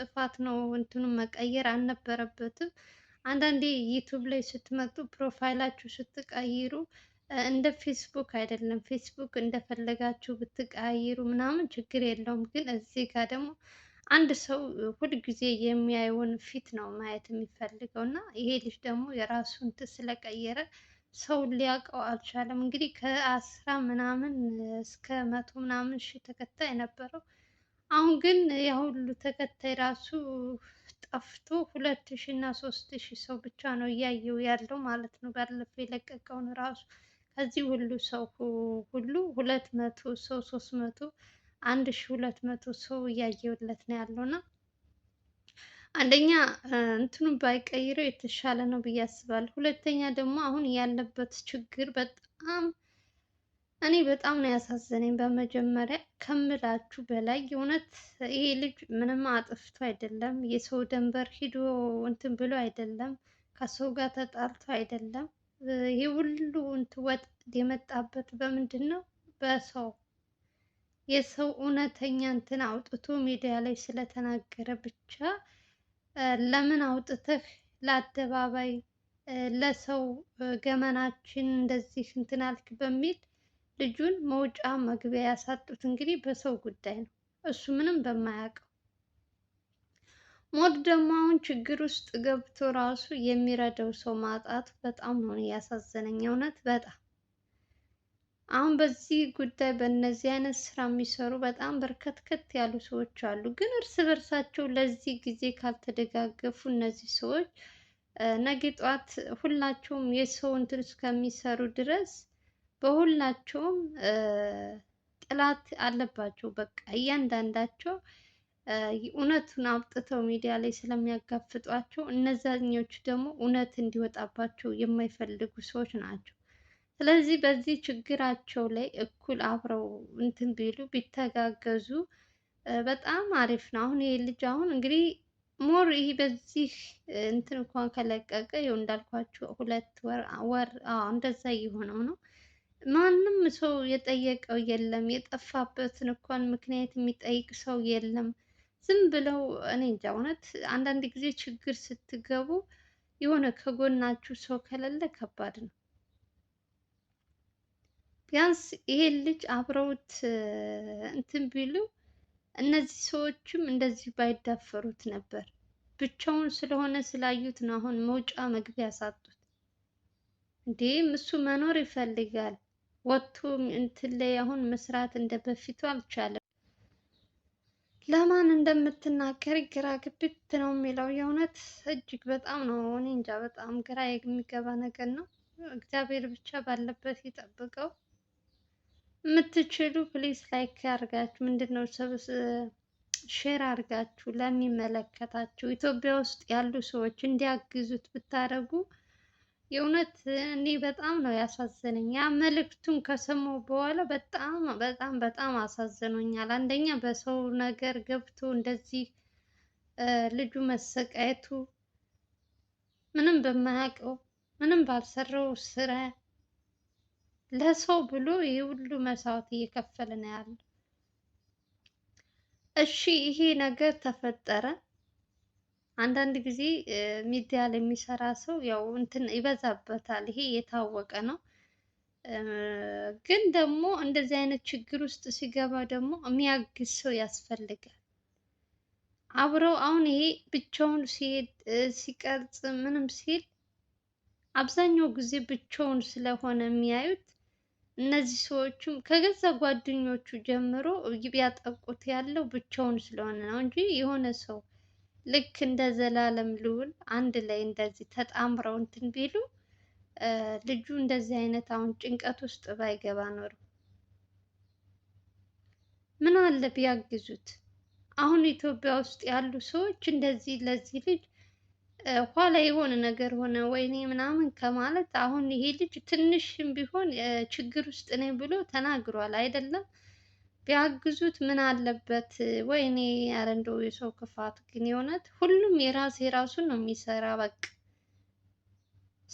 ጥፋት ነው። እንትኑን መቀየር አልነበረበትም። አንዳንዴ ዩቱብ ላይ ስትመጡ ፕሮፋይላችሁ ስትቀይሩ እንደ ፌስቡክ አይደለም። ፌስቡክ እንደፈለጋችሁ ብትቀያይሩ ምናምን ችግር የለውም። ግን እዚህ ጋር ደግሞ አንድ ሰው ሁልጊዜ የሚያየውን ፊት ነው ማየት የሚፈልገው እና ይሄ ልጅ ደግሞ የራሱን እንትን ስለቀየረ ሰውን ሊያውቀው አልቻለም። እንግዲህ ከአስራ ምናምን እስከ መቶ ምናምን ሺህ ተከታይ ነበረው። አሁን ግን የሁሉ ተከታይ ራሱ ጠፍቶ ሁለት ሺ እና ሶስት ሺ ሰው ብቻ ነው እያየው ያለው ማለት ነው። ባለፈው የለቀቀውን ራሱ ከዚህ ሁሉ ሰው ሁሉ ሁለት መቶ ሰው ሶስት መቶ አንድ ሺ ሁለት መቶ ሰው እያየውለት ነው ያለው እና አንደኛ እንትኑ ባይቀይረው የተሻለ ነው ብዬ አስባለሁ። ሁለተኛ ደግሞ አሁን ያለበት ችግር በጣም እኔ በጣም ነው ያሳዘነኝ። በመጀመሪያ ከምላችሁ በላይ የእውነት ይሄ ልጅ ምንም አጥፍቶ አይደለም። የሰው ደንበር ሂዶ እንትን ብሎ አይደለም። ከሰው ጋር ተጣልቶ አይደለም። ይሄ ሁሉ እንትን ወጥ የመጣበት በምንድን ነው? በሰው የሰው እውነተኛ እንትን አውጥቶ ሚዲያ ላይ ስለተናገረ ብቻ ለምን አውጥተህ ለአደባባይ ለሰው ገመናችን እንደዚህ እንትን አልክ በሚል ልጁን መውጫ መግቢያ ያሳጡት እንግዲህ በሰው ጉዳይ ነው። እሱ ምንም በማያውቀው ሞት ደግሞ አሁን ችግር ውስጥ ገብቶ ራሱ የሚረዳው ሰው ማጣቱ በጣም ነው ያሳዘነኝ። እውነት በጣም አሁን በዚህ ጉዳይ በእነዚህ አይነት ስራ የሚሰሩ በጣም በርከትከት ያሉ ሰዎች አሉ። ግን እርስ በርሳቸው ለዚህ ጊዜ ካልተደጋገፉ እነዚህ ሰዎች ነገ ጠዋት ሁላቸውም የሰው እንትን እስከሚሰሩ ድረስ በሁላቸውም ጥላት አለባቸው። በቃ እያንዳንዳቸው እውነቱን አውጥተው ሚዲያ ላይ ስለሚያጋፍጧቸው፣ እነዛኞቹ ደግሞ እውነት እንዲወጣባቸው የማይፈልጉ ሰዎች ናቸው። ስለዚህ በዚህ ችግራቸው ላይ እኩል አብረው እንትን ቢሉ ቢተጋገዙ በጣም አሪፍ ነው። አሁን ይሄ ልጅ አሁን እንግዲህ ሞር ይህ በዚህ እንትን እንኳን ከለቀቀ ይኸው እንዳልኳቸው ሁለት ወር ወር እንደዛ እየሆነው ነው። ማንም ሰው የጠየቀው የለም። የጠፋበትን እንኳን ምክንያት የሚጠይቅ ሰው የለም። ዝም ብለው እኔ እንጃ እውነት አንዳንድ ጊዜ ችግር ስትገቡ የሆነ ከጎናችሁ ሰው ከሌለ ከባድ ነው። ቢያንስ ይሄን ልጅ አብረውት እንትን ቢሉ እነዚህ ሰዎችም እንደዚህ ባይዳፈሩት ነበር። ብቻውን ስለሆነ ስላዩት ነው አሁን መውጫ መግቢያ ያሳጡት። እንዴም እሱ መኖር ይፈልጋል። ወጥቶ እንትን ላይ አሁን መስራት እንደ በፊቱ አልቻለም። ለማን እንደምትናገር ግራ ግብት ነው የሚለው የእውነት እጅግ በጣም ነው። እኔ እንጃ በጣም ግራ የሚገባ ነገር ነው። እግዚአብሔር ብቻ ባለበት ይጠብቀው። የምትችሉ ፕሊስ ላይክ አድርጋችሁ ምንድን ነው ሰብስ ሼር አድርጋችሁ ለሚመለከታችሁ ኢትዮጵያ ውስጥ ያሉ ሰዎች እንዲያግዙት ብታደርጉ የእውነት እኔ በጣም ነው ያሳዘነኝ። ያ መልእክቱን ከሰማሁ በኋላ በጣም በጣም በጣም አሳዝኖኛል። አንደኛ በሰው ነገር ገብቶ እንደዚህ ልጁ መሰቃየቱ ምንም በማያውቀው ምንም ባልሰራው ስራ ለሰው ብሎ ይህ ሁሉ መስዋዕት እየከፈለ ነው ያለ። እሺ ይሄ ነገር ተፈጠረ። አንዳንድ ጊዜ ሚዲያ ላይ የሚሰራ ሰው ያው እንትን ይበዛበታል። ይሄ የታወቀ ነው። ግን ደግሞ እንደዚህ አይነት ችግር ውስጥ ሲገባ ደግሞ የሚያግዝ ሰው ያስፈልጋል። አብረው አሁን ይሄ ብቻውን ሲሄድ ሲቀርጽ ምንም ሲል አብዛኛው ጊዜ ብቻውን ስለሆነ የሚያዩት እነዚህ ሰዎችም ከገዛ ጓደኞቹ ጀምሮ ቢያጠቁት ያለው ብቻውን ስለሆነ ነው እንጂ የሆነ ሰው ልክ እንደ ዘላለም ልዑል አንድ ላይ እንደዚህ ተጣምረው እንትን ቢሉ ልጁ እንደዚህ አይነት አሁን ጭንቀት ውስጥ ባይገባ ኖሮ ምን አለ ቢያግዙት። አሁን ኢትዮጵያ ውስጥ ያሉ ሰዎች እንደዚህ ለዚህ ልጅ ኋላ የሆነ ነገር ሆነ ወይኔ ምናምን ከማለት አሁን ይሄ ልጅ ትንሽም ቢሆን ችግር ውስጥ ነኝ ብሎ ተናግሯል አይደለም። ቢያግዙት ምን አለበት? ወይኔ ኧረ እንደው የሰው ክፋት ግን የእውነት ሁሉም የራስ የራሱን ነው የሚሰራ። በቃ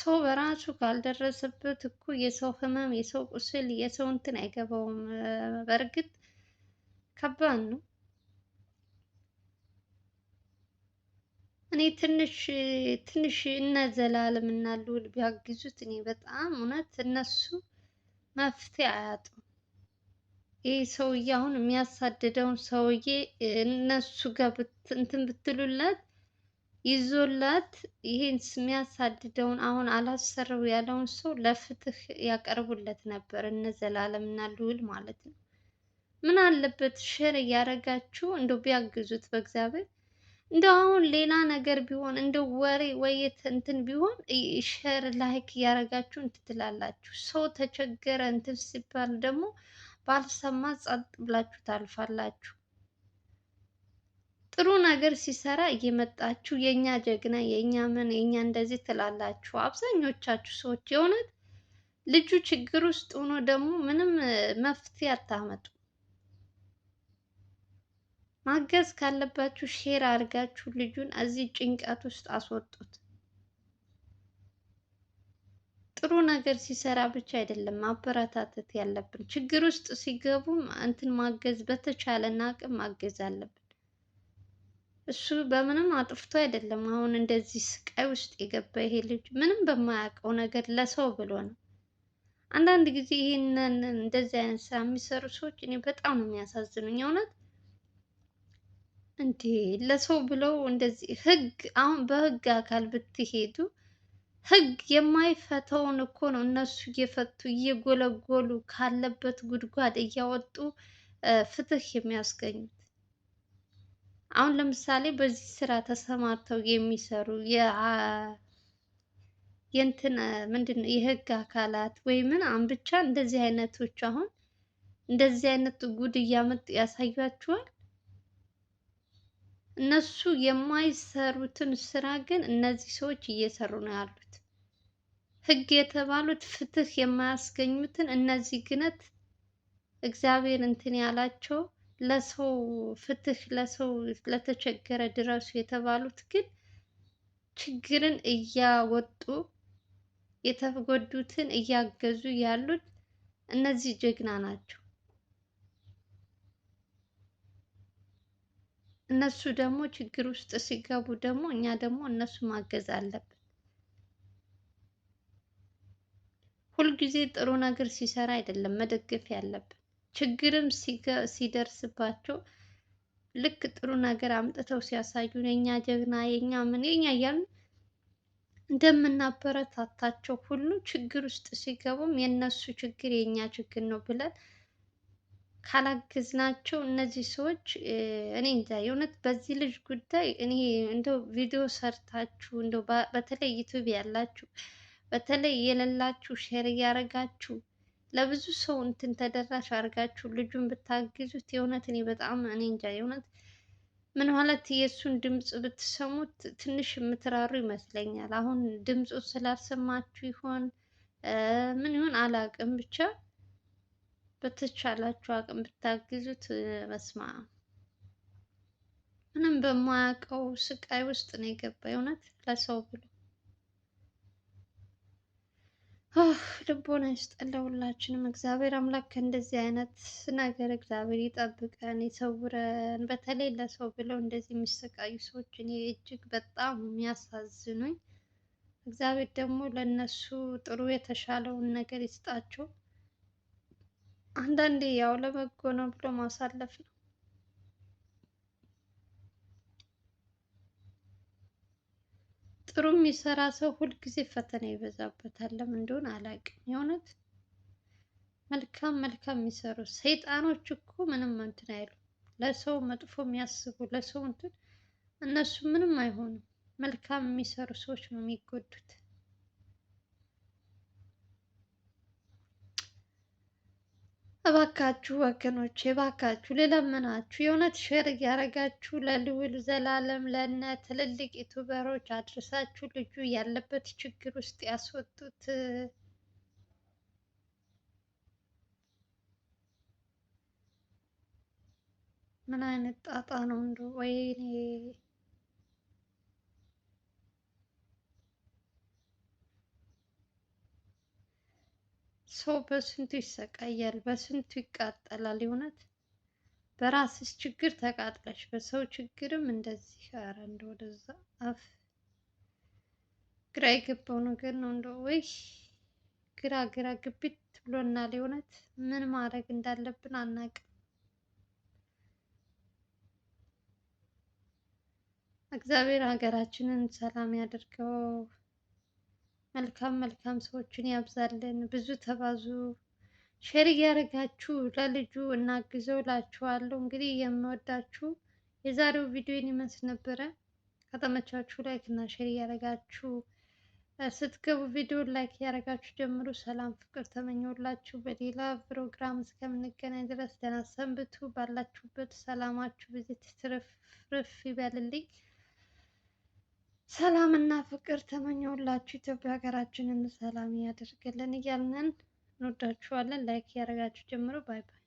ሰው በራሱ ካልደረሰበት እኮ የሰው ህመም የሰው ቁስል የሰው እንትን አይገባውም። በእርግጥ ከባድ ነው። እኔ ትንሽ ትንሽ እነ ዘላለም እና ልዑል ቢያግዙት እኔ በጣም እውነት እነሱ መፍትሄ አያጡም። ይህ ሰውዬ አሁን የሚያሳድደውን ሰውዬ እነሱ ጋር እንትን ብትሉላት ይዞላት ይህን የሚያሳድደውን አሁን አላሰረው ያለውን ሰው ለፍትህ ያቀርቡለት ነበር። እነ ዘላለም እና ልዑል ማለት ነው። ምን አለበት ሼር እያደረጋችሁ እንደ ቢያግዙት በእግዚአብሔር። እንደው አሁን ሌላ ነገር ቢሆን እንደ ወሬ ወየት እንትን ቢሆን ሼር ላይክ እያደረጋችሁ እንትትላላችሁ። ሰው ተቸገረ እንትን ሲባል ደግሞ ባልሰማ ጸጥ ብላችሁ ታልፋላችሁ። ጥሩ ነገር ሲሰራ እየመጣችሁ የእኛ ጀግና የእኛ ምን የእኛ እንደዚህ ትላላችሁ። አብዛኞቻችሁ ሰዎች የእውነት ልጁ ችግር ውስጥ ሆኖ ደግሞ ምንም መፍትሄ አታመጡ። ማገዝ ካለባችሁ ሼር አድርጋችሁ ልጁን እዚህ ጭንቀት ውስጥ አስወጡት። ጥሩ ነገር ሲሰራ ብቻ አይደለም ማበረታተት ያለብን። ችግር ውስጥ ሲገቡም እንትን ማገዝ በተቻለን አቅም ማገዝ አለብን። እሱ በምንም አጥፍቶ አይደለም አሁን እንደዚህ ስቃይ ውስጥ የገባ ይሄ ልጅ ምንም በማያውቀው ነገር ለሰው ብሎ ነው። አንዳንድ ጊዜ ይህንን እንደዚህ አይነት ስራ የሚሰሩ ሰዎች እኔ በጣም ነው የሚያሳዝኑኝ። እውነት እንዴ ለሰው ብለው እንደዚህ ህግ አሁን በህግ አካል ብትሄዱ ህግ የማይፈታውን እኮ ነው እነሱ እየፈቱ እየጎለጎሉ ካለበት ጉድጓድ እያወጡ ፍትህ የሚያስገኙት። አሁን ለምሳሌ በዚህ ስራ ተሰማርተው የሚሰሩ የእንትን ምንድን ነው የህግ አካላት ወይ ምናምን ብቻ እንደዚህ አይነቶች አሁን እንደዚህ አይነት ጉድ እያመጡ ያሳያችኋል። እነሱ የማይሰሩትን ስራ ግን እነዚህ ሰዎች እየሰሩ ነው ያሉት። ህግ የተባሉት ፍትህ የማያስገኙትን እነዚህ ግነት እግዚአብሔር እንትን ያላቸው ለሰው ፍትህ ለሰው ለተቸገረ ድረሱ የተባሉት ግን ችግርን እያወጡ የተጎዱትን እያገዙ ያሉት እነዚህ ጀግና ናቸው። እነሱ ደግሞ ችግር ውስጥ ሲገቡ ደግሞ እኛ ደግሞ እነሱ ማገዝ አለብን። ሁልጊዜ ጥሩ ነገር ሲሰራ አይደለም መደገፍ ያለብን። ችግርም ሲደርስባቸው ልክ ጥሩ ነገር አምጥተው ሲያሳዩ የኛ ጀግና የኛ ምን የኛ እያልን እንደምናበረታታቸው ሁሉ ችግር ውስጥ ሲገቡም የእነሱ ችግር የእኛ ችግር ነው ብለን ካላግዝናቸው እነዚህ ሰዎች እኔ እንጃ የእውነት በዚህ ልጅ ጉዳይ እኔ እንደው ቪዲዮ ሰርታችሁ እንደው በተለይ ዩቱብ ያላችሁ በተለይ የሌላችሁ ሼር እያደረጋችሁ ለብዙ ሰው እንትን ተደራሽ አድርጋችሁ ልጁን ብታግዙት የእውነት እኔ በጣም እኔ እንጃ የእውነት ምን ማለት የእሱን ድምፅ ብትሰሙት ትንሽ የምትራሩ ይመስለኛል። አሁን ድምፁ ስላልሰማችሁ ይሆን ምን ይሆን አላውቅም ብቻ በተቻላችሁ አቅም ብታግዙት መስማ ምንም በማያውቀው ስቃይ ውስጥ ነው የገባ። እውነት ለሰው ብሎ ልቦና ይስጠን እግዚአብሔር አምላክ ከእንደዚህ አይነት ነገር እግዚአብሔር ይጠብቀን፣ ይሰውረን። በተለይ ለሰው ብለው እንደዚህ የሚሰቃዩ ሰዎች እኔ እጅግ በጣም የሚያሳዝኑኝ። እግዚአብሔር ደግሞ ለእነሱ ጥሩ የተሻለውን ነገር ይስጣቸው። አንዳንዴ ያው ለበጎ ነው ብሎ ማሳለፍ ነው። ጥሩ የሚሰራ ሰው ሁልጊዜ ፈተና ይበዛበታል። ለምን እንደሆነ አላውቅም። የእውነት መልካም መልካም የሚሰሩ ሰይጣኖች እኮ ምንም እንትን አይሉ፣ ለሰው መጥፎ የሚያስቡ ለሰው እንትን እነሱ ምንም አይሆኑም። መልካም የሚሰሩ ሰዎች ነው የሚጎዱት። እባካችሁ ወገኖች እባካችሁ ልለምናችሁ የእውነት ሼር እያደረጋችሁ ለልውል ዘላለም ለነ ትልልቅ ዩቱበሮች አድርሳችሁ ልጁ ያለበት ችግር ውስጥ ያስወጡት። ምን አይነት ጣጣ ነው እንደ ወይኔ ሰው በስንቱ ይሰቃያል፣ በስንቱ ይቃጠላል። የእውነት በራስሽ ችግር ተቃጥለሽ በሰው ችግርም እንደዚህ ኧረ እንደው ወደዛ አፍ ግራ የገባው ነገር ነው እንደው ወይ ግራ ግራ ግቢት ብሎናል። የእውነት ምን ማድረግ እንዳለብን አናቅም እግዚአብሔር ሀገራችንን ሰላም ያድርገው። መልካም መልካም ሰዎችን ያብዛልን። ብዙ ተባዙ፣ ሼር እያደረጋችሁ ለልጁ እናግዘው እላችኋለሁ። እንግዲህ የምወዳችሁ የዛሬው ቪዲዮን ይመስል ነበረ። ከተመቻችሁ ላይክ እና ሼር እያደረጋችሁ ስትገቡ ቪዲዮ ላይክ እያደረጋችሁ ጀምሩ። ሰላም ፍቅር ተመኘሁላችሁ። በሌላ ፕሮግራም እስከምንገናኝ ድረስ ደህና ሰንብቱ። ባላችሁበት ሰላማችሁ ብዙ ትርፍርፍ ይበልልኝ። ሰላም እና ፍቅር ተመኘውላችሁ። ኢትዮጵያ ሀገራችንን ሰላም ያደርግልን እያልን እንወዳችኋለን። ላይክ እያደረጋችሁ ጀምሮ ባይ ባይ።